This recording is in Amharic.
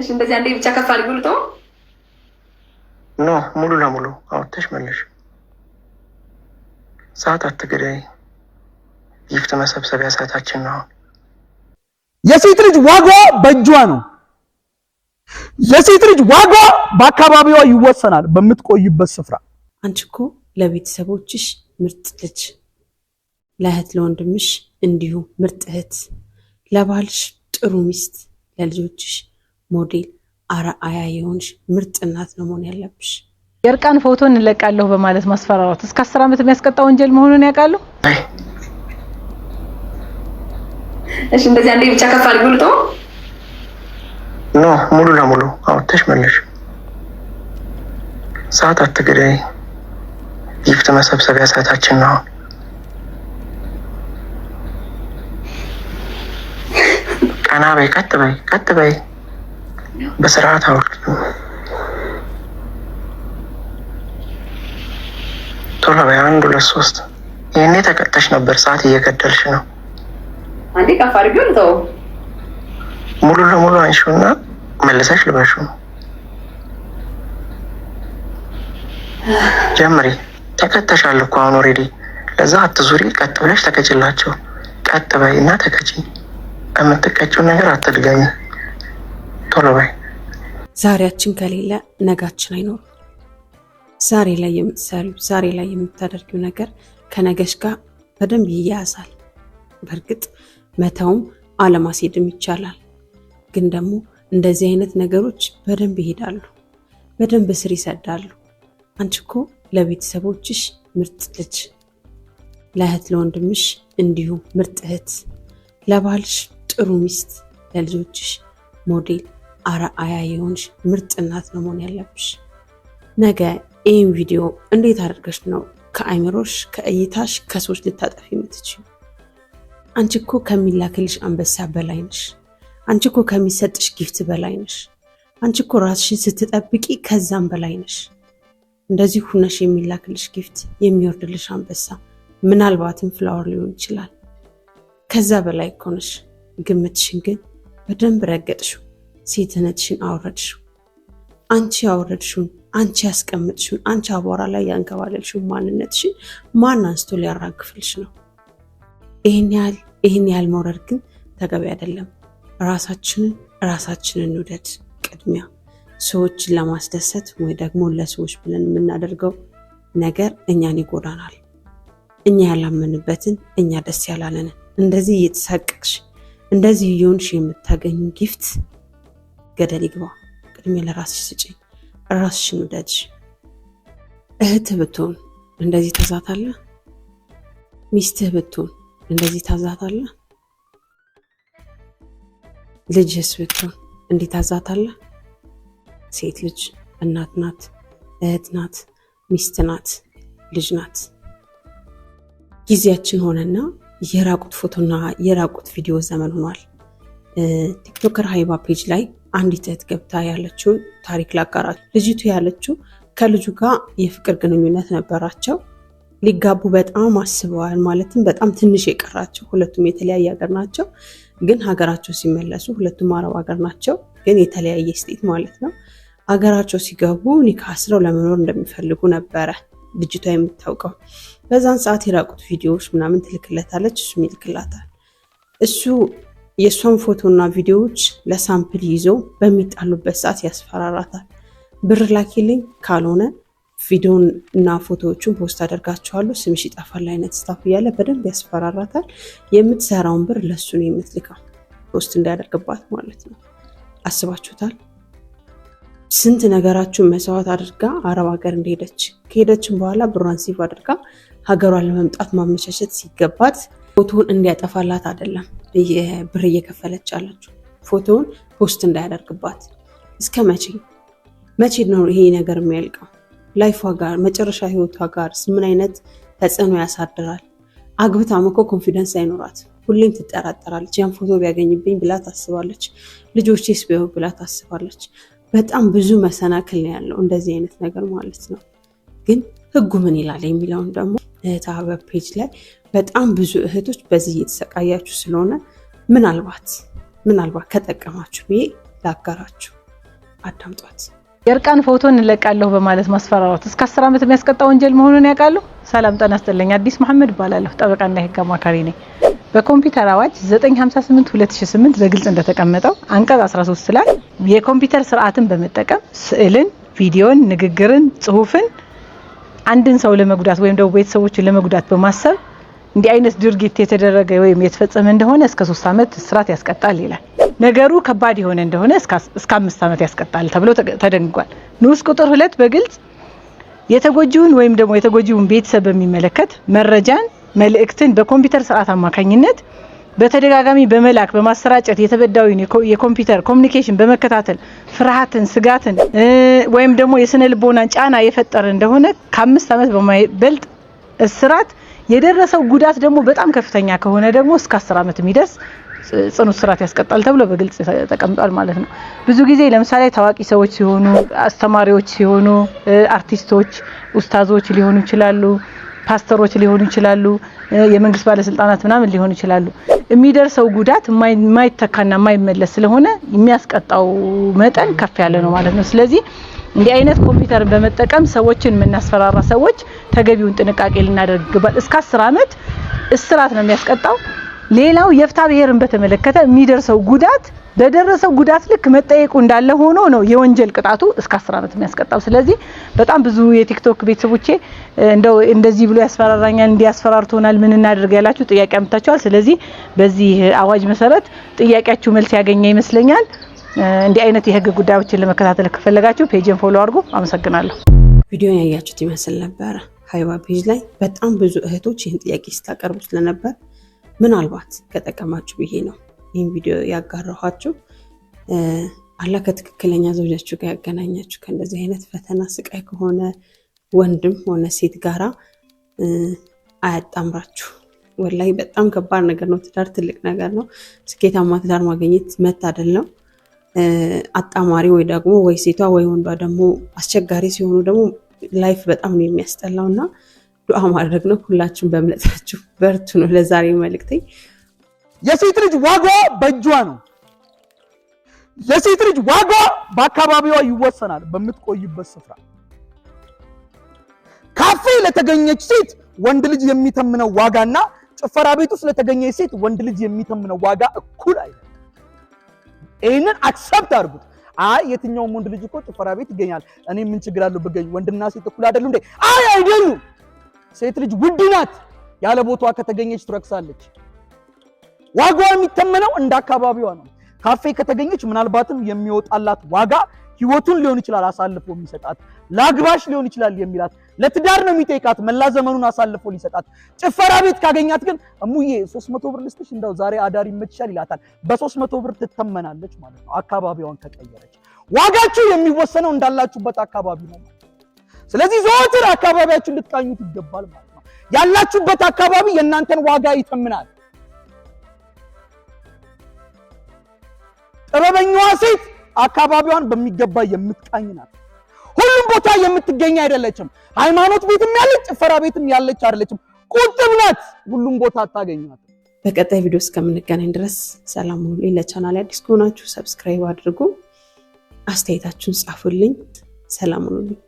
እሺ፣ እንደዚህ አንዴ ብቻ ከፍ አድርጊው። ልተው ኖ ሙሉ ለሙሉ አውጥተሽ መለሽ። ሰዓት አትገዳይ። ጊፍት መሰብሰቢያ ሰዓታችን ነው። የሴት ልጅ ዋጋ በእጇ ነው። የሴት ልጅ ዋጋ በአካባቢዋ ይወሰናል፣ በምትቆይበት ስፍራ። አንቺ እኮ ለቤተሰቦችሽ ምርጥ ልጅ፣ ለእህት ለወንድምሽ እንዲሁ ምርጥ እህት፣ ለባልሽ ጥሩ ሚስት፣ ለልጆችሽ ሞዴል፣ አርአያ የሆንሽ ምርጥ እናት ነው መሆን ያለብሽ። የእርቃን ፎቶ እንለቃለሁ በማለት ማስፈራራት እስከ አስር ዓመት የሚያስቀጣ ወንጀል መሆኑን ያውቃሉ። እሺ፣ እንደዚህ አንዴ ብቻ ከፍ አድርጊው ልጦ ኖ ሙሉ ለሙሉ አውጥተሽ መለሽ። ሰዓት አትግደይ። ጊፍት መሰብሰቢያ ሰዓታችን ነው። ቀና በይ፣ ቀጥ በይ፣ ቀጥ በይ። በስርዓት አውርዱ። ቶሎ በይ። አንድ ሁለት ሶስት። ይህኔ ተቀጠሽ ነበር። ሰዓት እየገደልሽ ነው። አንዴ ከፍ አድርጊው ተው። ሙሉ ለሙሉ አንሺውና መልሰሽ ልበሹ ነው። ጀምሪ። ተቀተሻል እኮ አሁን ኦልሬዲ። ለዛ አትዙሪ። ቀጥ ብለሽ ተቀጭላቸው። ቀጥ በይ እና ተቀጭኝ። ነገር አትድገኝ። ቶሎ በይ። ዛሬያችን ከሌለ ነጋችን አይኖርም። ዛሬ ላይ የምትሰሪው ዛሬ ላይ የምታደርጊው ነገር ከነገሽ ጋር በደንብ ይያያዛል። በእርግጥ መተውም አለማስሄድም ይቻላል፣ ግን ደግሞ እንደዚህ አይነት ነገሮች በደንብ ይሄዳሉ፣ በደንብ ስር ይሰዳሉ። አንቺ እኮ ለቤተሰቦችሽ ምርጥ ልጅ፣ ለእህት ለወንድምሽ እንዲሁ ምርጥ እህት፣ ለባልሽ ጥሩ ሚስት፣ ለልጆችሽ ሞዴል አርአያ የሆንሽ ምርጥ እናት ነው መሆን ያለብሽ። ነገ ይህን ቪዲዮ እንዴት አድርገሽ ነው ከአይምሮሽ፣ ከእይታሽ፣ ከሰዎች ልታጠፊ የምትች አንቺ እኮ ከሚላክልሽ አንበሳ በላይ ነሽ። አንቺ እኮ ከሚሰጥሽ ጊፍት በላይ ነሽ። አንቺ እኮ ራስሽን ስትጠብቂ ከዛም በላይ ነሽ። እንደዚህ ሁነሽ የሚላክልሽ ጊፍት፣ የሚወርድልሽ አንበሳ ምናልባትም ፍላወር ሊሆን ይችላል። ከዛ በላይ እኮ ነሽ። ግምትሽን ግን በደንብ ረገጥሽው። ሴትነትሽን አወረድሽው። አንቺ ያወረድሽውን፣ አንቺ ያስቀምጥሽውን፣ አንቺ አቧራ ላይ ያንከባለልሽውን ማንነትሽን ማን አንስቶ ሊያራግፍልሽ ነው? ይህን ያህል ይህን ያህል መውረድ ግን ተገቢ አይደለም። ራሳችንን ራሳችንን ውደድ። ቅድሚያ ሰዎችን ለማስደሰት ወይ ደግሞ ለሰዎች ብለን የምናደርገው ነገር እኛን ይጎዳናል። እኛ ያላመንበትን እኛ ደስ ያላለንን እንደዚህ እየተሳቀቅሽ እንደዚህ እየሆንሽ የምታገኙ ጊፍት ገደል ይግባ። ቅድሜ ለራስሽ ስጪ፣ ራስሽን ውደጅ እህትህ ብትሆን እንደዚህ ታዛታለህ? ሚስትህ ብትሆን እንደዚህ ታዛታለህ? ልጅስ ብትሆን እንዲህ ታዛታለህ? ሴት ልጅ እናት ናት፣ እህት ናት፣ ሚስት ናት፣ ልጅ ናት። ጊዜያችን ሆነና የራቁት ፎቶና የራቁት ቪዲዮ ዘመን ሆኗል። ቲክቶከር ሀይባ ፔጅ ላይ አንዲት እህት ገብታ ያለችውን ታሪክ ላጋራችሁ። ልጅቱ ያለችው ከልጁ ጋር የፍቅር ግንኙነት ነበራቸው። ሊጋቡ በጣም አስበዋል። ማለትም በጣም ትንሽ የቀራቸው ሁለቱም የተለያየ ሀገር ናቸው። ግን ሀገራቸው ሲመለሱ ሁለቱም አረብ ሀገር ናቸው፣ ግን የተለያየ ስቴት ማለት ነው። ሀገራቸው ሲገቡ ኒካ አስረው ለመኖር እንደሚፈልጉ ነበረ ልጅቷ የምታውቀው። በዛን ሰዓት የራቁት ቪዲዮዎች ምናምን ትልክለታለች፣ እሱም ይልክላታል። እሱ የእሷን ፎቶና ቪዲዮዎች ለሳምፕል ይዞ በሚጣሉበት ሰዓት ያስፈራራታል። ብር ላኪልኝ ካልሆነ ቪዲዮን እና ፎቶዎቹን ፖስት አደርጋቸዋለሁ ስምሽ ይጠፋል አይነት ስታፍ እያለ በደንብ ያስፈራራታል። የምትሰራውን ብር ለሱ ነው የምትልካው፣ ፖስት እንዳያደርግባት ማለት ነው። አስባችሁታል? ስንት ነገራችሁን መስዋዕት አድርጋ አረብ ሀገር እንደሄደች ከሄደችን በኋላ ብሯን ሲቭ አድርጋ ሀገሯን ለመምጣት ማመቻቸት ሲገባት ፎቶን እንዲያጠፋላት አይደለም ብር እየከፈለች አላቸው። ፎቶውን ፖስት እንዳያደርግባት እስከ መቼ መቼ ነው ይሄ ነገር የሚያልቀው? ላይፏ ጋር መጨረሻ ህይወቷ ጋር ምን አይነት ተጽዕኖ ያሳድራል? አግብታም እኮ ኮንፊደንስ አይኖራት፣ ሁሌም ትጠራጠራለች። ያን ፎቶ ቢያገኝብኝ ብላ ታስባለች። ልጆቼስ ቢያዩ ብላ ታስባለች። በጣም ብዙ መሰናክል ነው ያለው እንደዚህ አይነት ነገር ማለት ነው። ግን ህጉ ምን ይላል የሚለውን ደግሞ እህት አህበብ ፔጅ ላይ በጣም ብዙ እህቶች በዚህ እየተሰቃያችሁ ስለሆነ ምናልባት ምናልባት ከጠቀማችሁ ብዬ ላጋራችሁ። አዳምጧት። የእርቃን ፎቶ እንለቃለሁ በማለት ማስፈራራት እስከ አስር ዓመት የሚያስቀጣ ወንጀል መሆኑን ያውቃሉ? ሰላም ጠና ይስጥልኝ። አዲስ መሐመድ እባላለሁ። ጠበቃና የህግ አማካሪ ነኝ። በኮምፒውተር አዋጅ 958/2008 በግልጽ እንደተቀመጠው አንቀጽ 13 ላይ የኮምፒውተር ስርዓትን በመጠቀም ስዕልን፣ ቪዲዮን፣ ንግግርን፣ ጽሁፍን አንድን ሰው ለመጉዳት ወይም ደግሞ ቤተሰቦችን ለመጉዳት በማሰብ እንዲህ አይነት ድርጊት የተደረገ ወይም የተፈጸመ እንደሆነ እስከ ሶስት ዓመት እስራት ያስቀጣል ይላል። ነገሩ ከባድ የሆነ እንደሆነ እስከ አምስት ዓመት ያስቀጣል ተብሎ ተደንግጓል። ንዑስ ቁጥር ሁለት በግልጽ የተጎጂውን ወይም ደግሞ የተጎጂውን ቤተሰብ በሚመለከት መረጃን መልእክትን በኮምፒውተር ስርዓት አማካኝነት በተደጋጋሚ በመላክ በማሰራጨት የተበዳዩን የኮምፒውተር ኮሚኒኬሽን በመከታተል ፍርሃትን፣ ስጋትን ወይም ደግሞ የስነ ልቦናን ጫና የፈጠረ እንደሆነ ከአምስት ዓመት በማይበልጥ እስራት የደረሰው ጉዳት ደግሞ በጣም ከፍተኛ ከሆነ ደግሞ እስከ አስር ዓመት የሚደርስ ጽኑ እስራት ያስቀጣል ተብሎ በግልጽ ተቀምጧል ማለት ነው። ብዙ ጊዜ ለምሳሌ ታዋቂ ሰዎች ሲሆኑ፣ አስተማሪዎች ሲሆኑ፣ አርቲስቶች፣ ኡስታዞች ሊሆኑ ይችላሉ ፓስተሮች ሊሆኑ ይችላሉ፣ የመንግስት ባለስልጣናት ምናምን ሊሆኑ ይችላሉ። የሚደርሰው ጉዳት የማይተካና የማይመለስ ስለሆነ የሚያስቀጣው መጠን ከፍ ያለ ነው ማለት ነው። ስለዚህ እንዲህ አይነት ኮምፒውተርን በመጠቀም ሰዎችን የምናስፈራራ ሰዎች ተገቢውን ጥንቃቄ ልናደርግ ይገባል። እስከ አስር ዓመት እስራት ነው የሚያስቀጣው። ሌላው የፍታ ብሔርን በተመለከተ የሚደርሰው ጉዳት በደረሰው ጉዳት ልክ መጠየቁ እንዳለ ሆኖ ነው የወንጀል ቅጣቱ እስከ 10 ዓመት የሚያስቀጣው። ስለዚህ በጣም ብዙ የቲክቶክ ቤተሰቦቼ እንደው እንደዚህ ብሎ ያስፈራራኛል፣ እንዲያስፈራርቶናል፣ ምን እናደርግ ያላችሁ ጥያቄ አምጥታችኋል። ስለዚህ በዚህ አዋጅ መሰረት ጥያቄያችሁ መልስ ያገኘ ይመስለኛል። እንዲህ አይነት የህግ ጉዳዮችን ለመከታተል ከፈለጋችሁ ፔጅን ፎሎ አድርጉ። አመሰግናለሁ። ቪዲዮን ያያችሁት ይመስል ነበረ። ሀይዋ ፔጅ ላይ በጣም ብዙ እህቶች ይህን ጥያቄ ስታቀርቡ ስለነበር ምናልባት ከጠቀማችሁ ብዬ ነው ይህን ቪዲዮ ያጋራኋችሁ አላህ ከትክክለኛ ዘውጃችሁ ጋር ያገናኛችሁ። ከእንደዚህ አይነት ፈተና ስቃይ ከሆነ ወንድም ሆነ ሴት ጋራ አያጣምራችሁ። ወላይ በጣም ከባድ ነገር ነው። ትዳር ትልቅ ነገር ነው። ስኬታማ ትዳር ማግኘት መታደል ነው። አጣማሪ ወይ ደግሞ ወይ ሴቷ ወይ ወንዷ ደግሞ አስቸጋሪ ሲሆኑ ደግሞ ላይፍ በጣም ነው የሚያስጠላው እና ዱዓ ማድረግ ነው። ሁላችሁም በእምነታችሁ በርቱ ነው ለዛሬ መልእክቴ። የሴት ልጅ ዋጋ በእጇ ነው። የሴት ልጅ ዋጋ በአካባቢዋ ይወሰናል፣ በምትቆይበት ስፍራ። ካፌ ለተገኘች ሴት ወንድ ልጅ የሚተምነው ዋጋና ጭፈራ ቤት ውስጥ ለተገኘች ሴት ወንድ ልጅ የሚተምነው ዋጋ እኩል አይደለም። ይህንን አክሰብት አድርጉት። አይ የትኛውም ወንድ ልጅ እኮ ጭፈራ ቤት ይገኛል፣ እኔ ምን ችግር አለው ብገኝ? ወንድና ሴት እኩል አይደሉም እንዴ? አይ አይደሉም። ሴት ልጅ ውድ ናት። ያለ ቦታዋ ከተገኘች ትረክሳለች። ዋጋዋ የሚተመነው እንደ አካባቢዋ ነው። ካፌ ከተገኘች ምናልባትም የሚወጣላት ዋጋ ህይወቱን ሊሆን ይችላል አሳልፎ የሚሰጣት፣ ለአግባሽ ሊሆን ይችላል የሚላት፣ ለትዳር ነው የሚጠይቃት፣ መላ ዘመኑን አሳልፎ ሊሰጣት። ጭፈራ ቤት ካገኛት ግን እሙዬ 300 ብር ልስጥሽ፣ እንዳው ዛሬ አዳር ይመችሻል ይላታል። በ300 ብር ትተመናለች ማለት ነው፣ አካባቢዋን ከቀየረች። ዋጋችሁ የሚወሰነው እንዳላችሁበት አካባቢ ነው። ስለዚህ ዘወትር አካባቢያችሁ ልትቃኙት ይገባል ማለት ነው። ያላችሁበት አካባቢ የእናንተን ዋጋ ይተምናል። ጥበበኛዋ ሴት አካባቢዋን በሚገባ የምትቃኝ ናት። ሁሉም ቦታ የምትገኝ አይደለችም። ሃይማኖት ቤትም ያለች ጭፈራ ቤትም ያለች አይደለችም። ቁጥብ ናት። ሁሉም ቦታ አታገኛት። በቀጣይ ቪዲዮ እስከምንገናኝ ድረስ ሰላም ሁሉ። ለቻናል አዲስ ከሆናችሁ ሰብስክራይብ አድርጉ። አስተያየታችሁን ጻፉልኝ። ሰላም ሁኑልኝ።